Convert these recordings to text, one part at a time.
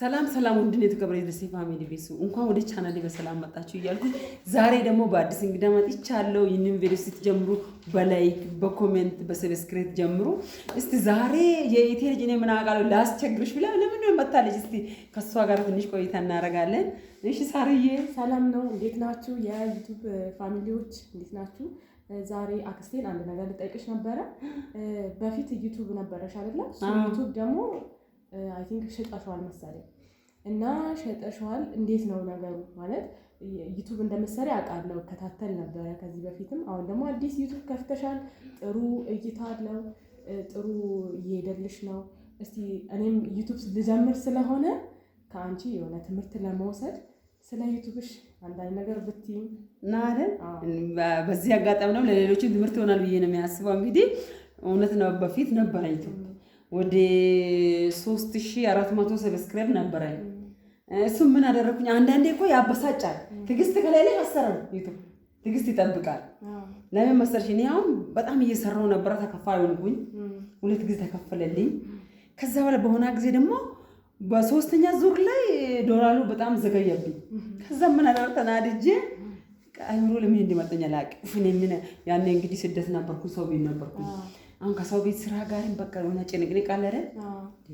ሰላም ሰላም፣ ወንድን የተከበረ የደሴ ፋሚሊ ቤሱ እንኳን ወደ ቻናሌ በሰላም መጣችሁ እያልኩ ዛሬ ደግሞ በአዲስ እንግዳ መጥቻለሁ። ይህንን ቪዲዮ ስትጀምሩ በላይክ በኮሜንት በሰብስክሪት ጀምሩ። እስቲ ዛሬ የኢቴ ልጅ እኔ ምን አውቃለሁ ላስቸግርሽ ብላ ለምን መታለች? እስቲ ከእሷ ጋር ትንሽ ቆይታ እናደርጋለን። እሺ ሳርዬ፣ ሰላም ነው? እንዴት ናችሁ? የዩቱብ ፋሚሊዎች እንዴት ናችሁ? ዛሬ አክስቴን አንድ ነገር ልጠይቅሽ ነበረ። በፊት ዩቱብ ነበረሽ አይደለ? ዩቱብ ደግሞ አይ ቲንክ ሸጠሸዋል መሰለኝ እና ሸጠሸዋል። እንዴት ነው ነገሩ? ማለት ዩቱብ እንደምትሰሪ አውቃለሁ፣ እከታተል ነበረ ከዚህ በፊትም። አሁን ደግሞ አዲስ ዩቱብ ከፍተሻል፣ ጥሩ እይታ አለው፣ ጥሩ እየሄደልሽ ነው። እስቲ እኔም ዩቱብ ልጀምር ስለሆነ ከአንቺ የሆነ ትምህርት ለመውሰድ ስለ ዩቱብሽ አንዳንድ ነገር ብትይም እና በዚህ አጋጣሚ ነው ለሌሎችን ትምህርት ይሆናል ብዬ ነው የሚያስበው። እንግዲህ እውነት ነው፣ በፊት ነበረ ዩቱብ ወደ 3400 ሰብስክራይብ ነበረኝ። እሱ ምን አደረኩኝ? አንዳንዴ እኮ ያበሳጫል። ትግስት ከሌለ ያሰራል። ዩቱብ ትግስት ይጠብቃል። ለምን መሰለሽ? እኔ አሁን በጣም እየሰራው ነበረ። ተከፋይ ሆንኩኝ። ሁለት ጊዜ ተከፈለልኝ። ከዛ በኋላ በሆነ ጊዜ ደግሞ በሶስተኛ ዙር ላይ ዶላሩ በጣም ዘገየብኝ። ከዛ ምን አደረኩ? ተናድጄ አይምሮ ለምን እንዲመጠኛ ላቅ ምን ያኔ እንግዲህ ስደት ነበርኩ፣ ሰው ቤት ነበርኩ አሁን ከሰው ቤት ስራ ጋርም በቃ የሆነ ጭንቅንቅ አለ አይደል?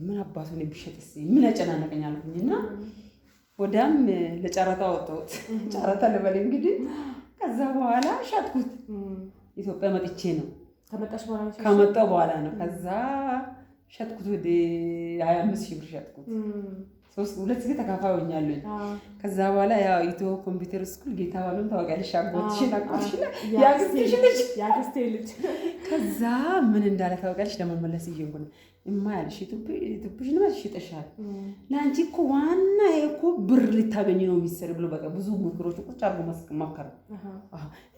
ምን አባቱ ነው ቢሸጥስ ምን ያጨናነቀኛል አልኩኝ እና ወዲያም ለጨረታ ወጣሁት። ጨረታ ልበል እንግዲህ። ከዛ በኋላ ሸጥኩት። ኢትዮጵያ መጥቼ ነው ከመጣሁ በኋላ ነው። ከዛ ሸጥኩት ወደ ሀያ አምስት ሺህ ብር ሸጥኩት። ሶስት ሁለት ጊዜ ተካፋይ ሆኛለኝ። ከዛ በኋላ ያው ኢትዮ ኮምፒውተር ስኩል ጌታ ባሉን ታወቂያለሽ፣ አጎትሽን ያክስቴ ልጅ። ከዛ ምን እንዳለ ታወቂያለሽ፣ ለመመለስ እየሆነ እማ ያለሽ ቱፕሽን መች ሽጠሻል፣ ለአንቺ እኮ ዋና እኮ ብር ልታገኝ ነው የሚሰር ብሎ በቃ ብዙ ምክሮች ቁጭ አድርጎ መከረ።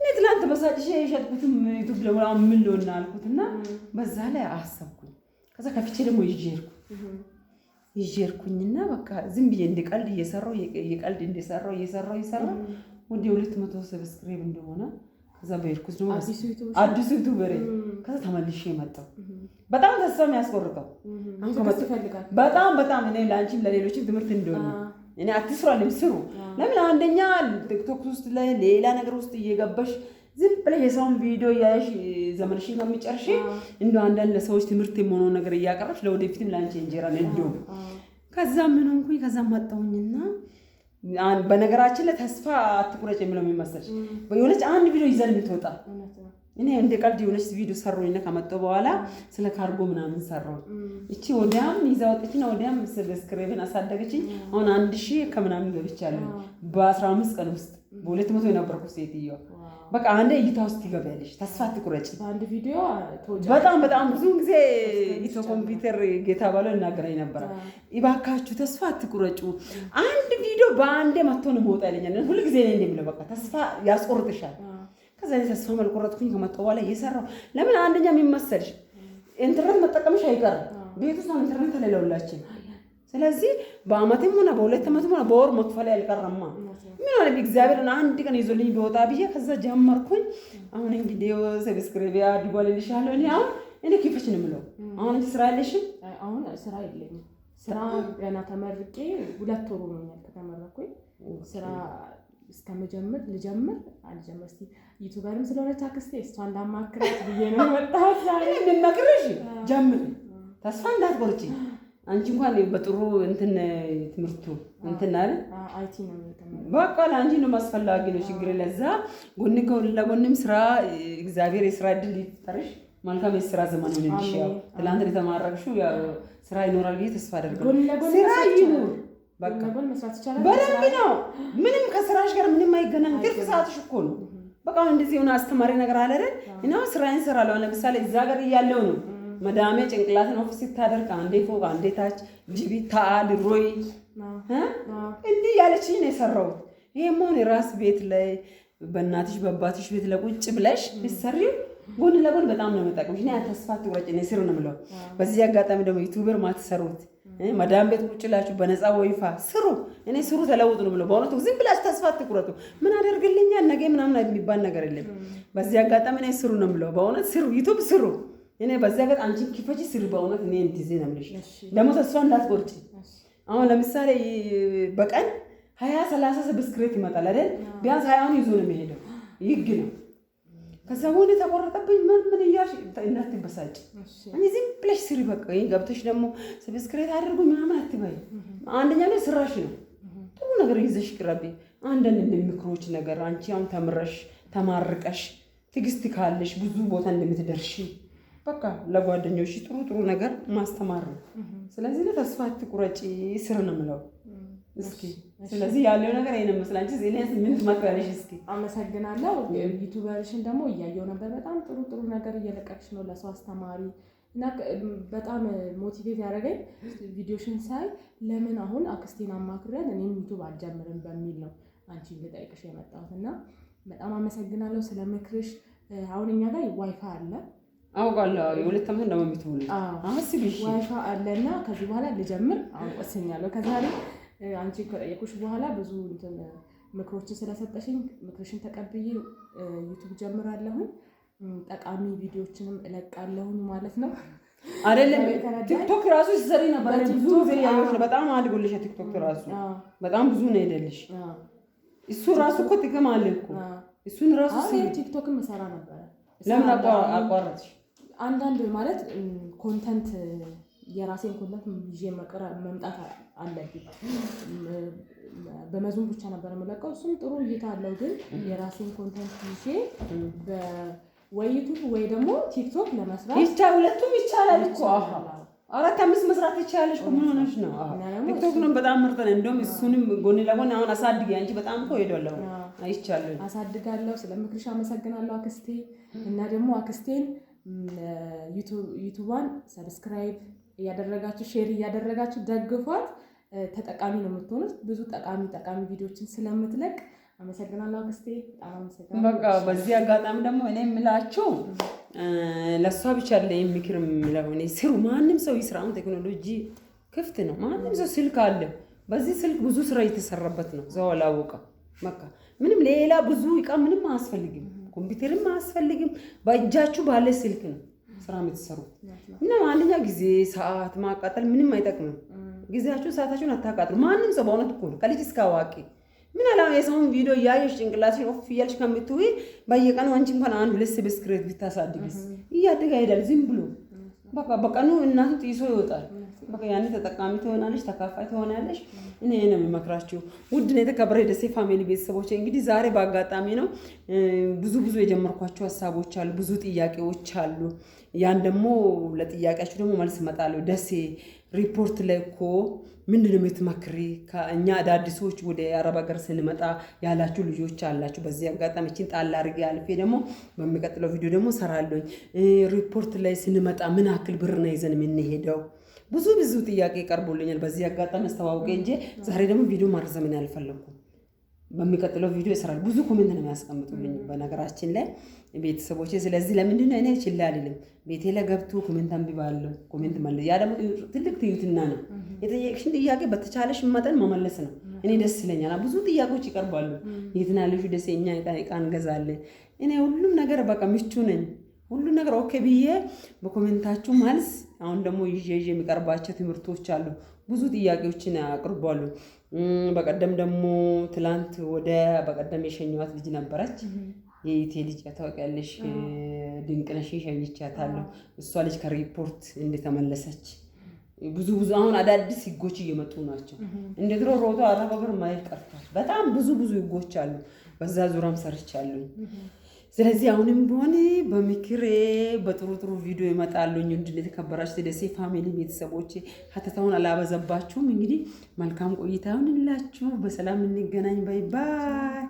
እኔ ትላንት በሳጭሽ የሸጥኩትም ዩቱብ ለሙላ ምን ልሆን አልኩት እና በዛ ላይ አሰብኩኝ። ከዛ ከፊቼ ደግሞ ይዤ ሄድኩ ይዤርኩኝና በቃ ዝም ብዬ እንደ ቀልድ እየሰራው የቀልድ እንደሰራው እየሰራው እየሰራው ወደ ሁለት መቶ ሰብስክሪብ እንደሆነ ከዛ በሄድኩት ደግሞ አዲሱ ዩቱበሬ ከዛ ተመልሼ መጣሁ። በጣም ተስፋ የሚያስቆርጠው በጣም በጣም እኔ ለአንቺም ለሌሎችም ትምህርት እንደሆነ እኔ አትስሩ አለም ስሩ። ለምን አንደኛ ቲክቶክ ውስጥ ላይ ሌላ ነገር ውስጥ እየገባሽ ዝም ብለሽ የሰውን ቪዲዮ እያየሽ ዘመንሽን ከሚጨርሽ እንደ አንዳንድ ለሰዎች ትምህርት የሆነው ነገር እያቀረብሽ ለወደፊትም ለአንቺ እንጀራ እንደው ከዛ ምን ሆንኩኝ። ከዛ መጣሁኝና በነገራችን ላይ ተስፋ አትቁረጭ የሚለው የሚመስልሽ የሆነች አንድ ቪዲዮ ይዘን የምትወጣ እኔ እንደ ቀልድ የሆነች ቪዲዮ ሰሩኝና ከመጣሁ በኋላ ስለ ካርጎ ምናምን ሰራው። እቺ ወዲያም ይዛ ወጥችና ወዲያም ስክሪብን አሳደገችኝ። አሁን አንድ ሺህ ከምናምን ገብቻለሁ በአስራ አምስት ቀን ውስጥ በሁለት መቶ የነበርኩ ሴትዮዋ በቃ አንድ እይታ ውስጥ ይገባልሽ። ተስፋ ትቁረጭ። በአንድ ቪዲዮ በጣም በጣም ብዙ ጊዜ ኢትዮ ኮምፒውተር ጌታ ባለ እናገራኝ ነበረ። ይባካችሁ ተስፋ ትቁረጩ። አንድ ቪዲዮ በአንዴ መቶ ነው መውጣ ይለኛል። ሁሉ ጊዜ ነ እንደሚለው በቃ ተስፋ ያስቆርጥሻል። ከዛ ተስፋ መልቆረጥኩኝ። ከመጣሁ በኋላ እየሰራሁ ለምን አንደኛ የሚመሰልሽ ኢንተርኔት መጠቀምሽ አይቀርም። ቤት ውስጥ ኢንተርኔት አለ ስለዚህ በአመትም ሆነ በሁለት ዓመትም ሆነ በወር መክፈል ያልቀረማ ምን ሆነ እግዚአብሔርን አንድ ቀን ይዞልኝ ቢወጣ ብዬ ከዛ ጀመርኩኝ። አሁን እንግዲህ ሰብስክሪቢያ አድጓልልሻለሁ። እኔ አሁን እኔ ክፈች ነው የምለው። አሁን ስራ የለሽም? አሁን ስራ የለኝም። ስራ ገና ተመርቄ ሁለት ወሩ ነው ከተመረኩኝ ስራ እስከመጀመር ልጀምር አልጀምር እስኪ ዩቱበርም ስለሆነች አክስቴ እሷ እንዳማክራት ብዬ ነው መጣሁት ዛሬ። እንድናቅርሽ ጀምር፣ ተስፋ እንዳትቆርጪ አንቺ እንኳን በጥሩ እንትን ትምህርቱ እንትን አይደል በቃ ለአንቺ ነው ማስፈላጊ ነው ችግር ለዛ ጎን ለጎንም ስራ እግዚአብሔር የስራ እድል ይፈጠርሽ። መልካም የስራ ዘመን ሆንልሽ። ያው ትላንት የተማረቅሽው ስራ ይኖራል ብዬ ተስፋ አደርጋለሁ። ስራ ይኑር በደንብ ነው። ምንም ከስራሽ ጋር ምንም አይገናኝ። ትርፍ ሰዓትሽ እኮ ነው። በቃ እንደዚህ የሆነ አስተማሪ ነገር አለ አይደል? እና ስራዬን እሰራለሁ። ለምሳሌ እዛ ጋር እያለሁ ነው መዳሜ ጭንቅላትን ኦፍ ስታደርግ አንዴ ፎቅ አንዴ ታች ጅቢ ታአል ሮይ እንዲህ ያለችኝ ነው የሰራሁት። ይህ መሆን የራስ ቤት ላይ በእናትሽ በአባትሽ ቤት ለቁጭ ብለሽ ሰሪ ጎን ለጎን በጣም ነው የምጠቅምሽ። እኔ ተስፋ ትቁረጭ እኔ ስር ነው የምለው። በዚህ አጋጣሚ ደግሞ ዩቱበር ማትሰሩት መዳም ቤት ቁጭ ላችሁ በነፃ ወይፋ ስሩ። እኔ ስሩ ተለውጡ ነው የምለው። በእውነቱ ዝም ብላችሁ ተስፋ ትቁረጡ። ምን አደርግልኛል ነገ ምናምን የሚባል ነገር የለም። በዚህ አጋጣሚ እኔ ስሩ ነው የምለው። በእውነት ስሩ፣ ዩቱብ ስሩ። እኔ በዛ ጋር አንቺን ክፈች ስር በእውነት እኔ እንትዜ ነው የምልሽ። ደግሞ ተስፋ እንዳትቆርጪ። አሁን ለምሳሌ በቀን ሀያ ሰላሳ ብስክሬት ይመጣል አይደል? ቢያንስ ሀያውን ይዞ ነው የሚሄደው። ይግ ነው ከዛ ወደ ተቆረጠብኝ ምን ምን እያልሽ እንዳትበሳጭ። እኔ ዝም ብለሽ ስሪ በቃ። ገብተሽ ደግሞ ብስክሬት አድርጉኝ ምናምን አትበይ። አንደኛ ላይ ስራሽ ነው ጥሩ ነገር ይዘሽ ቅረቢ። አንዳንድ ምክሮች ነገር አንቺ አሁን ተምረሽ ተማርቀሽ ትዕግስት ካለሽ ብዙ ቦታ እንደምትደርሺ በቃ ለጓደኞች ጥሩ ጥሩ ነገር ማስተማር ነው። ስለዚህ ለተስፋ አትቁረጪ ስር ነው የምለው። እስኪ ስለዚህ ያለው ነገር ይሄን መስላ ዜና ዜናስ ምን ትመክሪያለሽ? እስኪ አመሰግናለሁ። ዩቲዩበርሽን ደግሞ እያየሁ ነበር። በጣም ጥሩ ጥሩ ነገር እየለቀቅሽ ነው ለሰው አስተማሪ እና በጣም ሞቲቬት ያደረገኝ ቪዲዮሽን ሳይ ለምን አሁን አክስቴን አማክሪያት እኔም ዩቲዩብ አልጀምርም በሚል ነው አንቺ ልጠይቅሽ የመጣሁት እና በጣም አመሰግናለሁ ስለ ምክርሽ። አሁን እኛ ላይ ዋይፋይ አለ አውቃለሁ የሁለት ዓመት ነው የሚትሆኑ አስቢ ዋይፋ አለና ከዚህ በኋላ ልጀምር አሁን ወስኛለሁ። ከዛሬ አንቺ ከጠየቁሽ በኋላ ብዙ እንትን ምክሮችን ስለሰጠሽኝ ምክርሽን ተቀብዬ ዩቱብ ጀምራለሁ። ጠቃሚ ቪዲዮችንም እለቃለሁኝ ማለት ነው። አይደለም ቲክቶክ ራሱ ሲሰሪ ነበር ብዙ ጊዜ ያዩሽ ነው። በጣም አድጎልሽ ቲክቶክ ራሱ በጣም ብዙ ነው ሄደልሽ። እሱ ራሱ እኮ ጥቅም አለ እኮ እሱን ራሱ ቲክቶክም እሰራ ነበረ። ለምን አቋረጥሽ? አንዳንድ ማለት ኮንተንት የራሴን ኮንተንት ይዤ መምጣት አለብኝ። በመዝሙር ብቻ ነበር የምለቀው፣ እሱም ጥሩ እይታ አለው። ግን የራሴን ኮንተንት ይዤ ወይ ወይ ደግሞ ቲክቶክ ለመስራት ሁለቱም ይቻላል እኮ አራት አምስት መስራት ይቻላለች። ምን ሆነሽ ነው? ቲክቶክ ነው በጣም ምርጠን እንደውም እሱንም ጎን ለጎን አሁን አሳድግ አንቺ በጣም እኮ ሄዷለሁ ይቻላል። አሳድጋለሁ። ስለ ምክርሽ አመሰግናለሁ አክስቴ እና ደግሞ አክስቴን ዩቱቧን ሰብስክራይብ እያደረጋችሁ ሼር እያደረጋችሁ ደግፏት። ተጠቃሚ ነው የምትሆኑት። ብዙ ጠቃሚ ጠቃሚ ቪዲዮችን ስለምትለቅ አመሰግናለሁ አክስቴ፣ በጣም አመሰግናለሁ። በቃ በዚህ አጋጣሚ ደግሞ እኔ የምላችሁ ለእሷ ብቻ ለ ምክር የምለው እኔ ስሩ፣ ማንም ሰው ይስራ። ቴክኖሎጂ ክፍት ነው፣ ማንም ሰው ስልክ አለ። በዚህ ስልክ ብዙ ስራ እየተሰራበት ነው። ሰው አላወቀ በቃ ምንም ሌላ ብዙ እቃ ምንም አያስፈልግም። ኮምፒውተርም አያስፈልግም። በእጃችሁ ባለ ስልክ ነው ስራ የምትሰሩ እና አንደኛ ጊዜ ሰዓት ማቃጠል ምንም አይጠቅምም። ጊዜያችሁ ሰዓታችሁን አታቃጥሉ። ማንም ሰው በእውነት እኮ ነው ከልጅ እስከ አዋቂ ምን አላ የሰውን ቪዲዮ እያየሽ ጭንቅላትሽን ኦፍ እያልሽ ከምትውይ በየቀኑ አንቺ እንኳን አንድ ሁለት ሰብስክራይብ ብታሳድግስ እያደገ አይሄዳል ዝም ብሎ በቃ በቀኑ እናቱ ጥይሶ ይወጣል። በቃ ያኔ ተጠቃሚ ትሆናለች፣ ተካፋይ ትሆናለች። እኔ ነው የምመክራችሁ ውድ ነው የተከበረ የደሴ ፋሚሊ ቤተሰቦች። እንግዲህ ዛሬ በአጋጣሚ ነው ብዙ ብዙ የጀመርኳቸው ሀሳቦች አሉ፣ ብዙ ጥያቄዎች አሉ። ያን ደግሞ ለጥያቄያችሁ ደግሞ መልስ እመጣለሁ። ደሴ ሪፖርት ላይ እኮ ምንድን ነው የምትመክሪ? ከእኛ አዳዲሶች ወደ አረብ ሀገር ስንመጣ ያላችሁ ልጆች አላችሁ። በዚህ አጋጣሚችን ጣል አድርጌ አልፌ ደግሞ በሚቀጥለው ቪዲዮ ደግሞ ሰራለኝ። ሪፖርት ላይ ስንመጣ ምን አክል ብር ነው ይዘን የምንሄደው? ብዙ ብዙ ጥያቄ ቀርቦልኛል። በዚህ አጋጣሚ አስተዋውቀ እንጂ ዛሬ ደግሞ ቪዲዮ ማርዘምን አልፈለኩም። በሚቀጥለው ቪዲዮ ይሰራል። ብዙ ኮሜንት ነው የሚያስቀምጡልኝ በነገራችን ላይ ቤተሰቦች። ስለዚህ ለምንድን ነው እኔ ችላ አልልም። ቤቴ ላይ ገብቶ ኮሜንት አንብባለሁ፣ ኮሜንት መለ ያ ደግሞ ትልቅ ትዩትና ነው። የጠየቅሽን ጥያቄ በተቻለሽ መጠን መመለስ ነው። እኔ ደስ ይለኛል። ብዙ ጥያቄዎች ይቀርባሉ። የትና ልጁ ደስ የኛ እቃ እንገዛለን። እኔ ሁሉም ነገር በቃ ምቹ ነኝ። ሁሉ ነገር ኦኬ ብዬ በኮሜንታችሁ መልስ አሁን ደግሞ ይዤ ይዤ የሚቀርባቸው ትምህርቶች አሉ። ብዙ ጥያቄዎችን አቅርቧሉ። በቀደም ደግሞ ትላንት ወደ በቀደም የሸኘዋት ልጅ ነበረች። የኢቴ ልጅ ታውቂያለሽ፣ ድንቅነሽ ሸኝቻታለሁ። እሷ ልጅ ከሪፖርት እንደተመለሰች ብዙ ብዙ አሁን አዳዲስ ህጎች እየመጡ ናቸው። እንደ ድሮ ሮቶ አረብ ሀገር ማየት ቀርቷል። በጣም ብዙ ብዙ ህጎች አሉ። በዛ ዙሪያም ሰርቻለሁ። ስለዚህ አሁንም ቢሆን በምክሬ በጥሩ ጥሩ ቪዲዮ ይመጣሉ። እንድን የተከበራችሁ ደሴ ፋሚሊ ቤተሰቦች ሀተታውን አላበዘባችሁም። እንግዲህ መልካም ቆይታ ይሁንላችሁ። በሰላም እንገናኝ። ባይ ባይ